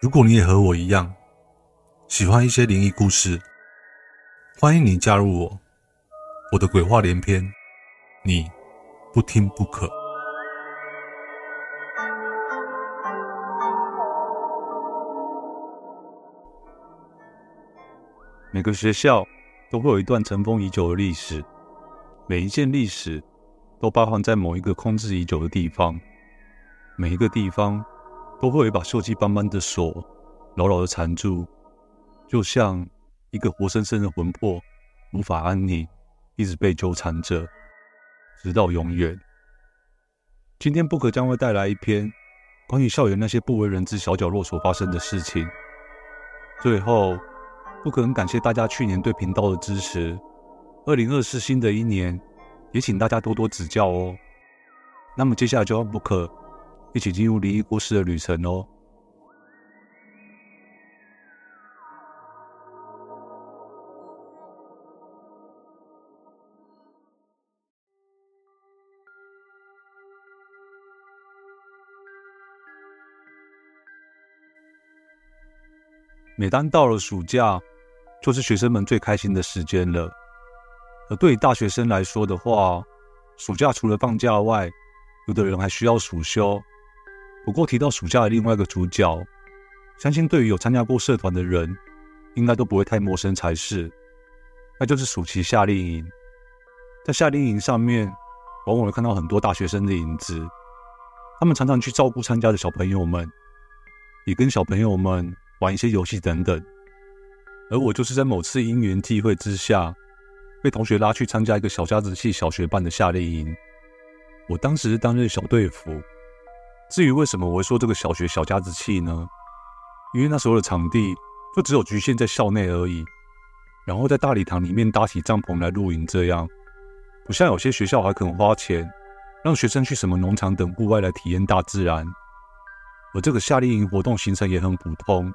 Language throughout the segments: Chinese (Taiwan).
如果你也和我一樣喜歡一些靈異故事，歡迎你加入我。我的鬼話連篇，你不聽不可。每個學校都會有一段塵封已久的歷史，每一件歷史都包含在某一個空置已久的地方，每一個地方。都會把鏽跡斑斑的鎖，牢牢的纏住，就像一個活生生的魂魄，無法安寧，一直被糾纏着，直到永遠。今天 Book 將會帶來一篇關於校園那些不為人知小角落所發生的事情。最後，Book 很感謝大家去年對頻道的支持。二零二四新的一年，也請大家多多指教哦。那麼接下來就讓 Book。一起進入靈異故事的旅程哦。每當到了暑假，就是學生們最開心的時間了。而對於大學生來說的話，暑假除了放假外，有的人還需要暑修。不過提到暑假的另外一個主角，相信對於有參加過社團的人，應該都不會太陌生才是。那就是暑期夏令營。在夏令營上面，往往會看到很多大學生的影子，他們常常去照顧參加的小朋友們，也跟小朋友們玩一些遊戲等等。而我就是在某次因緣際會之下，被同學拉去參加一個小家子氣小學班的夏令營。我當時是擔任小隊服。至於為什麼我會說這個小學小家子氣呢？因為那時候的場地就只有侷限在校內而已，然後在大禮堂裡面搭起帳篷來露營，這樣不像有些學校還肯花錢讓學生去什麼農場等戶外來體驗大自然。而這個夏令營活動行程也很普通，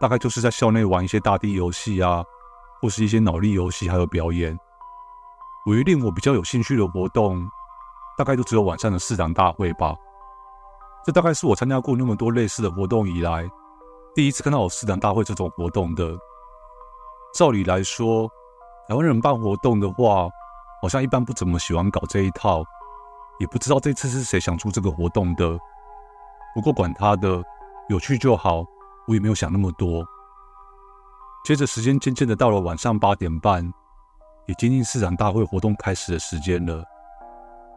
大概就是在校內玩一些大地遊戲啊，或是一些腦力遊戲，還有表演。唯一令我比較有興趣的活動，大概就只有晚上的試膽大會吧。這大概是我參加過那麼多類似的活動以來，第一次看到有試膽大會這種活動的。照理來說，台灣人辦活動的話，好像一般不怎麼喜歡搞這一套，也不知道這次是誰想出這個活動的。不過管他的，有趣就好，我也沒有想那麼多。接着時間漸漸的到了晚上八點半，也接近試膽大會活動開始的時間了。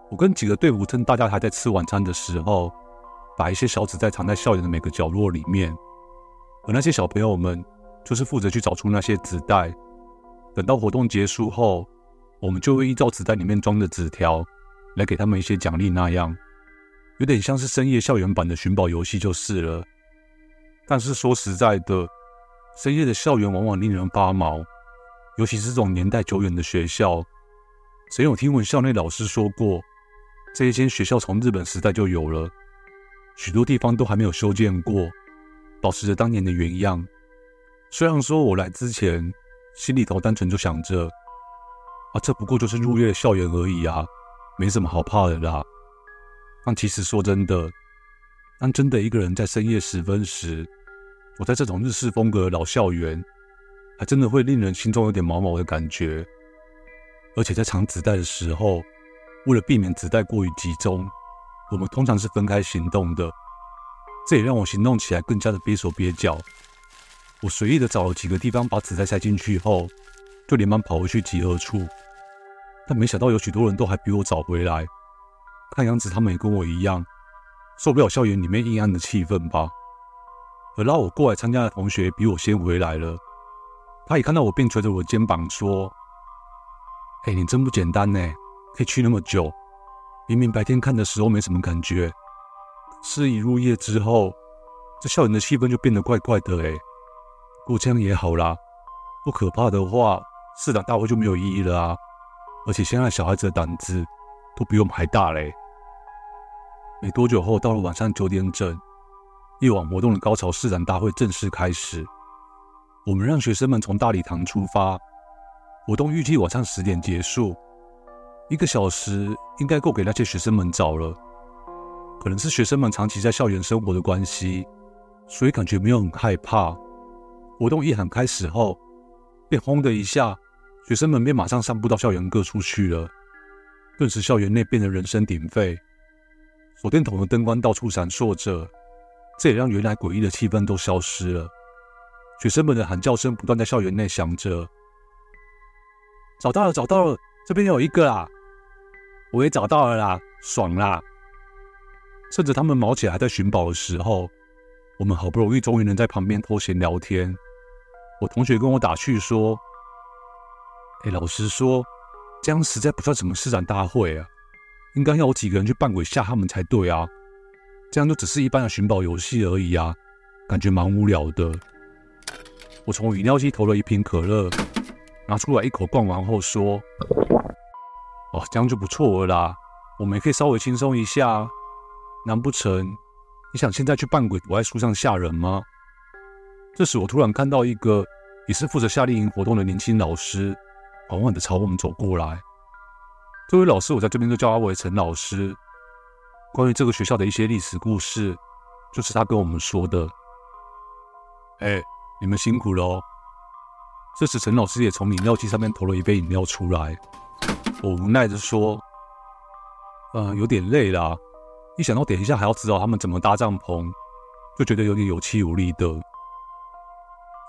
我跟幾個隊伍趁大家還在吃晚餐的時候，把一些小紙袋藏在校園的每個角落裡面，而那些小朋友們就是負責去找出那些紙袋。等到活動結束後，我們就會依照紙袋裡面裝的紙條來給他們一些獎勵，那樣有點像是深夜校園版的尋寶遊戲，就是了。但是說實在的，深夜的校園往往令人發毛，尤其是這種年代久遠的學校。曾有聽聞校內老師說過，這一間學校從日本時代就有了。許多地方都還沒有修建過，保持着當年的原樣。雖然說我來之前心裡頭單純就想着，啊，這不過就是入夜的校園而已啊，沒什麼好怕的啦。但其實說真的，當真的一個人在深夜時分時，我在這種日式風格的老校園，還真的會令人心中有點毛毛的感覺。而且在藏子彈的時候，為了避免子彈過於集中。我們通常是分開行動的，這也讓我行動起來更加的憋手憋腳。我隨意的找了幾個地方把紙袋塞進去後，就連忙跑回去集合處。但沒想到有許多人都還比我早回來，看樣子他們也跟我一樣，受不了校園裡面陰暗的氣氛吧。而拉我過來參加的同學比我先回來了，他一看到我便捶着我的肩膀說：“哎、欸，你真不簡單呢，可以去那麼久。”明明白天看的時候沒什麼感覺，是一入夜之後，這校園的氣氛就變得怪怪的誒。哎，不過這樣也好啦，不可怕的話，試膽大會就沒有意義了啊。而且現在小孩子的膽子都比我們還大嘞。沒多久後，到了晚上九點整，夜晚活動的高潮試膽大會正式開始。我們讓學生們從大禮堂出發，活動預計晚上十點結束。一個小時應該夠給那些學生們找了。可能是學生們長期在校園生活的關係，所以感覺沒有很害怕。活動一喊開始後，便轟的一下，學生們便馬上散布到校園各處去了。頓時，校園內變得人聲鼎沸，手電筒的燈光到處閃爍着，這也讓原來詭異的氣氛都消失了。學生們的喊叫聲不斷在校園內響着：“找到了，找到了，這邊有一個啊！”我也找到了啦，爽啦！趁著他們毛起來還在尋寶的時候，我們好不容易終於能在旁邊偷閒聊天。我同學跟我打趣說：“哎、欸，老實說，這樣實在不算什麼試膽大會啊，應該要我幾個人去扮鬼嚇他們才對啊！這樣就只是一般的尋寶遊戲而已啊，感覺蠻無聊的。”我從飲料機投了一瓶可樂，拿出來一口灌完後說。哇，這樣就不錯了啦，我們也可以稍微輕鬆一下。難不成你想現在去扮鬼，我在樹上嚇人嗎？這時我突然看到一個也是負責夏令營活動的年輕老師，緩緩的朝我們走過來。這位老師，我在這邊就叫阿偉陳老師。關於這個學校的一些歷史故事，就是他跟我們說的。哎，你們辛苦了哦。這時陳老師也從飲料機上面投了一杯飲料出來。我無奈的說：“呃，有點累啦，一想到等一下還要指導他們怎麼搭帳篷，就覺得有點有氣無力的。”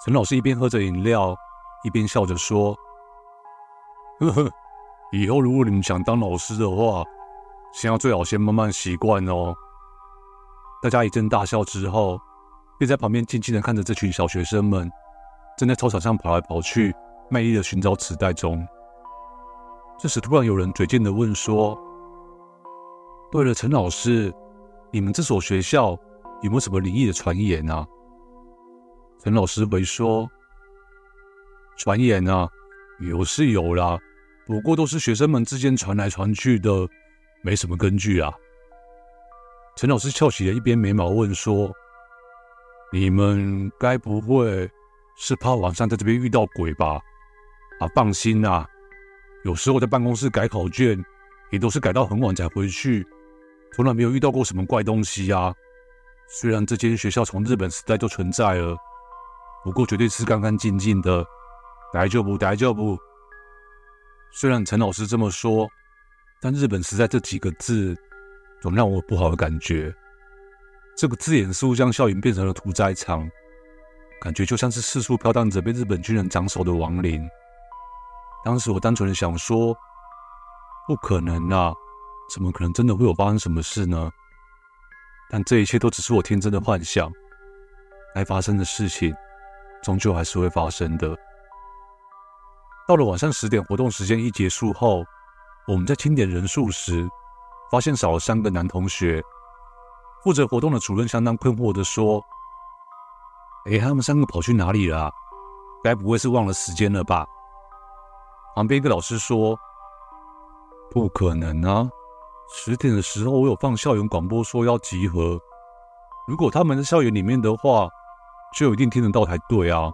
陳老師一邊喝着飲料，一邊笑着說：“呵呵，以後如果你們想當老師的話，先要最好先慢慢習慣哦。”大家一陣大笑之後，便在旁邊靜靜的看着這群小學生們，正在操場上跑來跑去，賣力的尋找紙袋中。這時，突然有人嘴賤的問說：“對了，陳老師，你們這所學校有沒有什麼靈異的傳言啊？”陳老師回說：“傳言啊，有是有啦，不過都是學生們之間傳來傳去的，沒什麼根據啊。”陳老師翹起了一邊眉毛問說：“你們該不會是怕晚上在這邊遇到鬼吧？啊，放心啊。”有時候在辦公室改考卷，也都是改到很晚才回去，從來沒有遇到過什麼怪東西呀、啊。雖然這間學校從日本時代就存在了，不過絕對是乾乾淨淨的，大丈夫，大丈夫。雖然陳老師這麼說，但“日本時代”這幾個字總讓我不好的感覺。這個字眼似乎將校園變成了屠宰場，感覺就像是四處飄蕩着被日本軍人斬首的亡靈。當時我單純的想說，不可能啊，怎麼可能真的會有發生什麼事呢？但這一切都只是我天真的幻想。該發生的事情，終究還是會發生的。到了晚上十點，活動時間一結束後，我們在清點人數時，發現少了三個男同學。負責活動的主任相當困惑的說：“哎，他們三個跑去哪裡了啊？該不會是忘了時間了吧？”旁邊一個老師說：“不可能啊！十點的時候我有放校園廣播說要集合，如果他們在校園裡面的話，就一定聽得到才對啊。”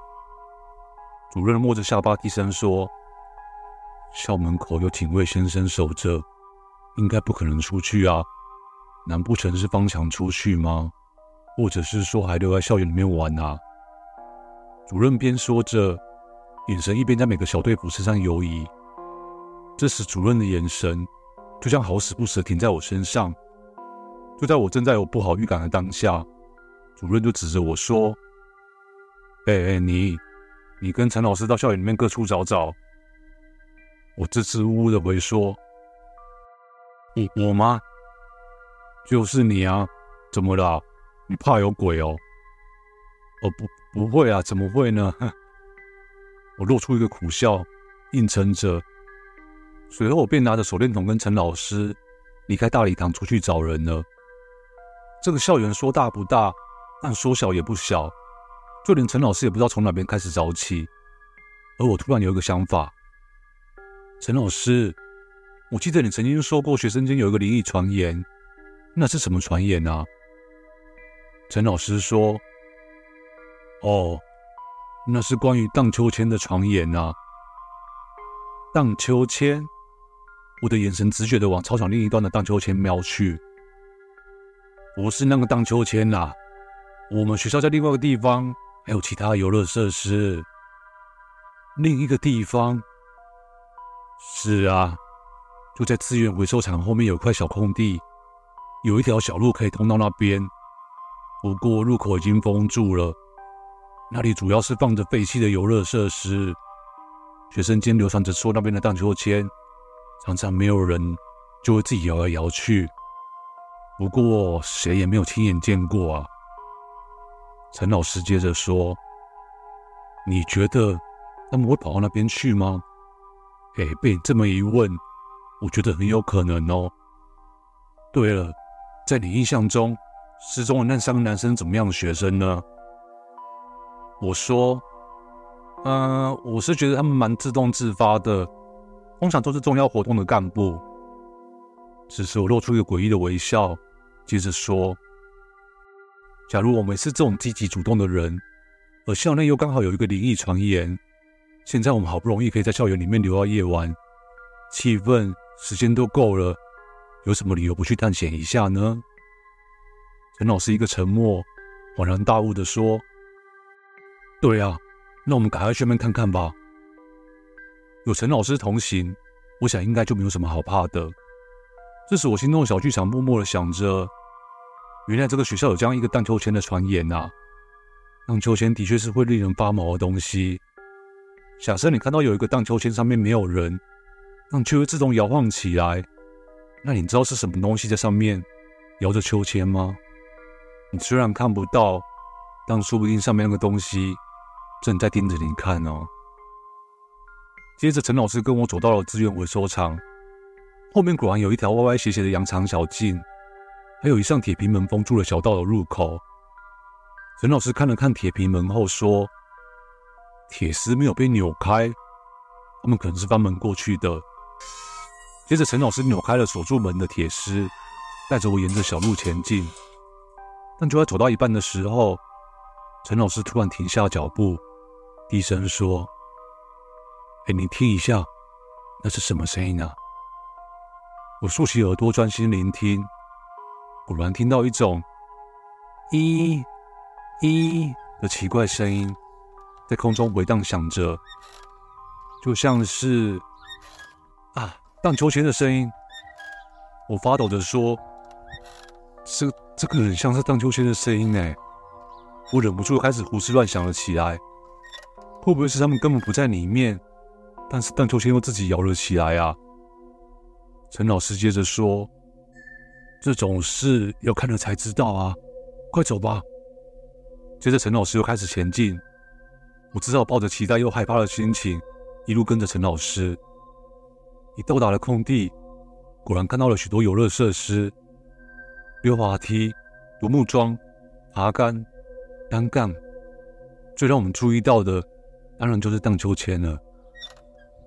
主任摸着下巴低聲說：“校門口有警衛先生守着，應該不可能出去啊。難不成是翻牆出去嗎？或者是說還留在校園裡面玩啊？”主任邊說着。眼神一邊在每個小隊服身上游移，這時主任的眼神就像好死不死停在我身上。就在我正在有不好預感的當下，主任就指着我說：“哎哎，你，你跟陳老師到校園裡面各處找找。”我支支吾吾的回說：“我、嗯、我嗎？就是你啊？怎麼了？你怕有鬼哦？哦不，不會啊，怎麼會呢？”我露出一個苦笑，硬撐着。隨後我便拿着手電筒跟陳老師離開大禮堂，出去找人了。這個校園說大不大，但說小也不小，就連陳老師也不知道從哪邊開始找起。而我突然有一個想法：陳老師，我記得你曾經說過，學生間有一個靈異傳言，那是什麼傳言啊？陳老師說：“哦。”那是關於盪秋千的傳言啊！盪秋千，我的眼神直覺地往操場另一端的盪秋千瞄去。不是那個盪秋千啦，我們學校在另外一個地方，還有其他遊樂設施。另一個地方，是啊，就在資源回收場後面有塊小空地，有一條小路可以通到那邊，不過入口已經封住了。那裡主要是放着廢棄的遊樂設施，學生間流傳着說那邊的盪秋千常常沒有人就會自己搖來搖去，不過誰也沒有親眼見過啊。陳老師接着說：“你覺得他們會跑到那邊去嗎？”誒、欸，被你這麼一問，我覺得很有可能哦。對了，在你印象中失蹤的那三個男生怎麼樣的學生呢？我說：“嗯、呃，我是覺得他們蠻自動自發的，通常都是重要活動的幹部。”此時我露出一個詭異的微笑，接着說：“假如我們是這種積極主動的人，而校內又剛好有一個靈異傳言，現在我們好不容易可以在校園裡面留到夜晚，氣氛、時間都夠了，有什麼理由不去探險一下呢？”陳老師一個沉默，恍然大悟的說。對啊，那我們趕快去那邊看看吧。有陳老師同行，我想應該就沒有什麼好怕的。這時，我心中的小劇場默默的想着，原來這個學校有這樣一個盪秋千的傳言啊！盪秋千的確是會令人發毛的東西。假設你看到有一個盪秋千，上面沒有人，盪秋千自動搖晃起來，那你知道是什麼東西在上面搖着秋千嗎？你雖然看不到，但說不定上面那個東西。正在盯着你看哦。接着，陳老師跟我走到了資源回收場後面，果然有一條歪歪斜斜的羊腸小徑，還有一扇鐵皮門封住了小道的入口。陳老師看了看鐵皮門後說：“鐵絲沒有被扭開，他們可能是翻門過去的。”接着，陳老師扭開了鎖住門的鐵絲，帶着我沿着小路前進。但就在走到一半的時候，陳老師突然停下腳步。低聲說：“哎，你聽一下，那是什麼聲音啊？”我豎起耳朵專心聆聽，果然聽到一種“一、一”的奇怪聲音在空中回盪響着，就像是啊，盪秋千的聲音。我發抖着說：“這、這個很像是盪秋千的聲音哎！”我忍不住開始胡思亂想了起來。會不會是他們根本不在裡面？但是盪秋千又自己搖了起來啊！陳老師接着說：“這種事要看了才知道啊，快走吧。”接着，陳老師又開始前進。我只好抱着期待又害怕的心情，一路跟着陳老師。一到達了空地，果然看到了許多遊樂設施：溜滑梯、獨木樁、爬桿、單槓。最讓我們注意到的，當然就是盪秋千了。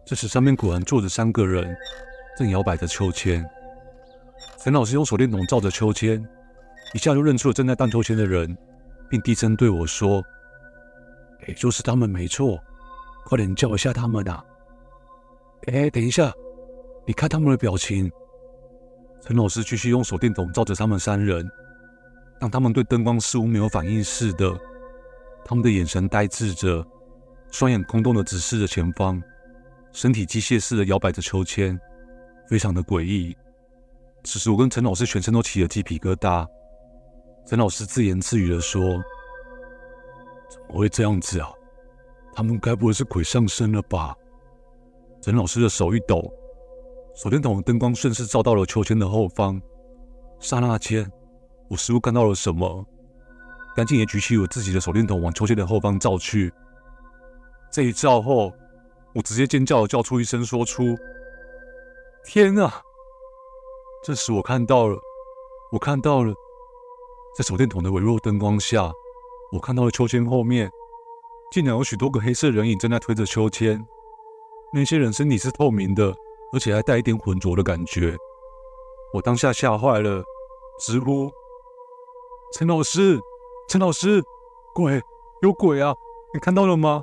這時，上面果然坐着三個人，正搖擺着秋千。陳老師用手電筒照着秋千，一下就認出了正在荡秋千的人，並低聲對我說：“哎、欸，就是他們沒錯，快點叫一下他們啊！”哎、欸，等一下，你看他們的表情。陳老師繼續用手電筒照着他們三人，讓他們對燈光似乎沒有反應似的，他們的眼神呆滯着。雙眼空洞的直視着前方，身體機械似的搖擺着秋千，非常的詭異。此時，我跟陳老師全身都起了雞皮疙瘩。陳老師自言自語的說：“怎麼會這樣子啊？他們該不會是鬼上身了吧？”陳老師的手一抖，手電筒的燈光順勢照到了秋千的後方。剎那間，我似乎看到了什麼，趕緊也舉起我自己的手電筒往秋千的後方照去。這一照後，我直接尖叫的叫出一聲，說出：“天啊！”這時我看到了，我看到了，在手電筒的微弱燈光下，我看到了秋千後面竟然有許多個黑色人影正在推着秋千。那些人身體是透明的，而且還帶一點渾濁的感覺。我當下嚇壞了，直呼：“陳老師，陳老師，鬼，有鬼啊！你看到了嗎？”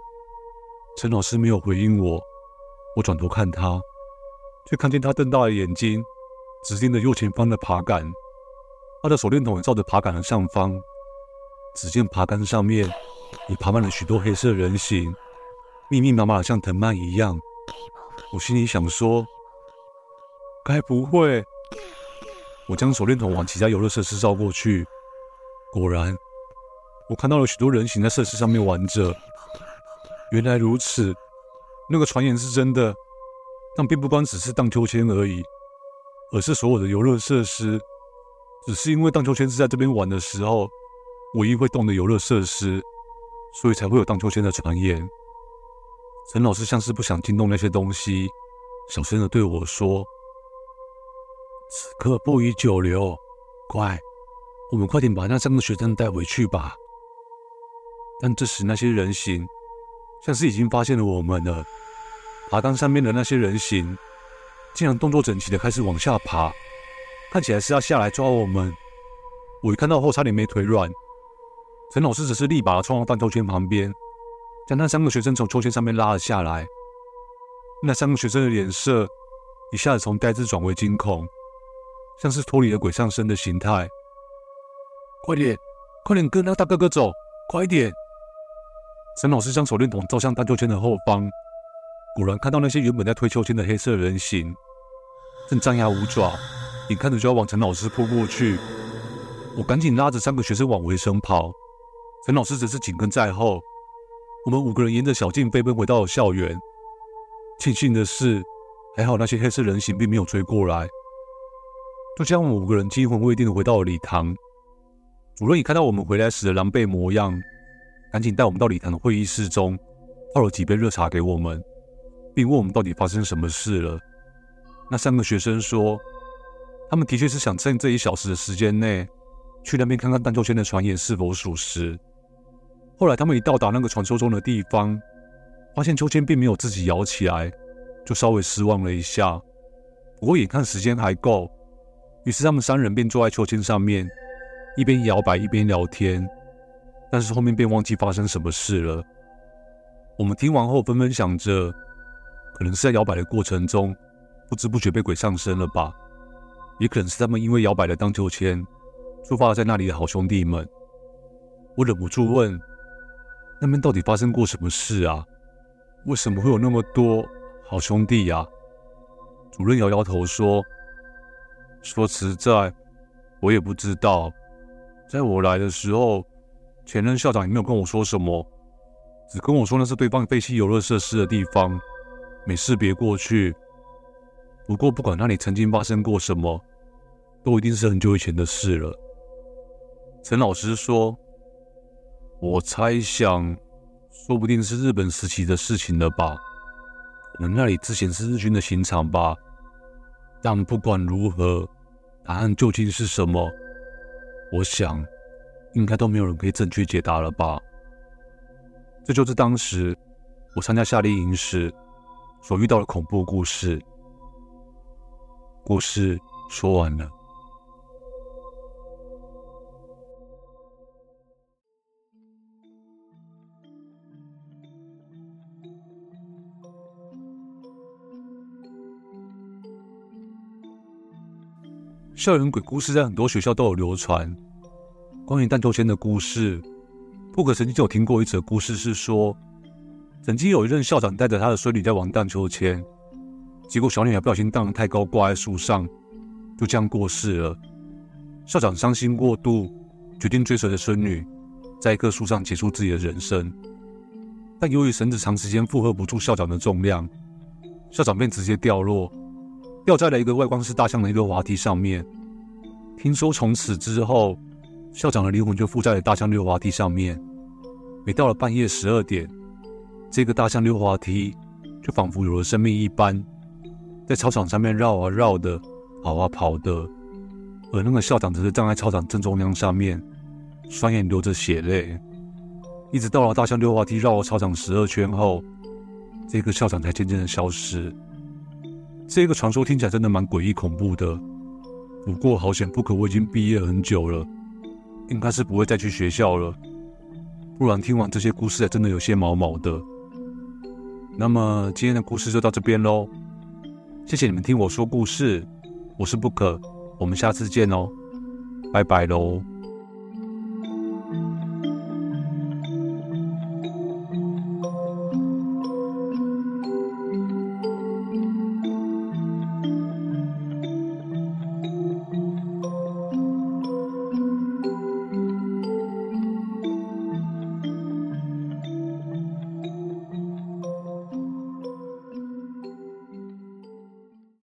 陳老師沒有回應我，我轉頭看他，卻看見他瞪大了眼睛，直盯著右前方的爬桿，他的手電筒也照着爬桿的上方。只見爬桿上面也爬滿了許多黑色人形，密密麻麻的像藤蔓一樣。我心裡想說，該不會？我將手電筒往其他遊樂設施照過去，果然，我看到了許多人形在設施上面玩着。原來如此，那個傳言是真的，但並不光只是盪秋千而已，而是所有的遊樂設施。只是因為盪秋千是在這邊玩的時候唯一會動的遊樂設施，所以才會有盪秋千的傳言。陳老師像是不想驚動那些東西，小聲的對我說：“此刻不宜久留，快，我們快點把那三個學生帶回去吧。”但這時那些人形。像是已經發現了我們了，爬桿上面的那些人形，竟然，動作整齊的開始往下爬，看起來是要下來抓我們。我一看到後差點沒腿軟。陳老師只是立馬衝到盪秋千旁邊，將那三個學生從秋千上面拉了下來。那三個學生的臉色一下子從呆滯轉為驚恐，像是脫離了鬼上身的形態。快點，快點跟那個大哥哥走，快點！陳老師將手電筒照向盪秋千的後方，果然看到那些原本在推秋千的黑色人形，正張牙舞爪，眼看着就要往陳老師撲過去。我趕緊拉着三個學生往回身跑，陳老師則是緊跟在後。我們五個人沿着小徑飛奔回到了校園。慶幸的是，還好那些黑色人形並沒有追過來，就這樣我們五個人驚魂未定的回到了禮堂。主任也看到我們回來時的狼狽模樣。趕緊帶我們到禮堂的會議室中，泡了幾杯熱茶給我們，並問我們到底發生什麼事了。那三個學生說，他們的確是想趁這一小時的時間內，去那邊看看盪秋千的傳言是否屬實。後來他們一到達那個傳說中的地方，發現秋千並沒有自己搖起來，就稍微失望了一下。不過眼看時間還夠，於是他們三人便坐在秋千上面，一邊搖擺一邊聊天。但是後面便忘記發生什麼事了。我們聽完後，紛紛想着，可能是在搖擺的過程中，不知不覺被鬼上身了吧？也可能是他們因為搖擺的盪秋千，觸發了在那裡的好兄弟們。我忍不住問：“那邊到底發生過什麼事啊？為什麼會有那麼多好兄弟呀？”主任搖搖頭說：“說實在，我也不知道，在我來的時候。”前任校長也沒有跟我說什麼，只跟我說那是對方廢棄遊樂設施的地方，沒事別過去。不過不管那裡曾經發生過什麼，都一定是很久以前的事了。陳老師說：“我猜想，說不定是日本時期的事情了吧？可能那裡之前是日軍的刑場吧？但不管如何，答案究竟是什麼？我想。”應該都沒有人可以正確解答了吧？這就是當時我參加夏令營時所遇到的恐怖故事。故事說完了。校園鬼故事在很多學校都有流傳。關於盪秋千的故事，Book 曾經就有聽過一則故事，是說曾經有一任校長帶着他的孫女在玩盪秋千，結果小女孩不小心盪得太高，掛在樹上，就這樣過世了。校長傷心過度，決定追隨的孫女，在一棵樹上結束自己的人生。但由於繩子長時間負荷不住校長的重量，校長便直接掉落，掉在了一個外觀是大象的一個滑梯上面。聽說從此之後。校長的靈魂就附在了大象溜滑梯上面。每到了半夜十二點，這個大象溜滑梯就仿佛有了生命一般，在操場上面繞啊繞的，跑啊跑的。而那個校長只是站在操場正中央下面，雙眼流着血淚。一直到了大象溜滑梯繞了操場十二圈後，這個校長才漸漸的消失。這個傳說聽起來真的蠻詭異恐怖的。不過好險，Book 我已經畢業很久了。應該是不會再去學校了，不然聽完這些故事，真的有些毛毛的。那麼今天的故事就到這邊嘍，謝謝你們聽我說故事，我是 Book 我，我們下次見嘍，拜拜嘍。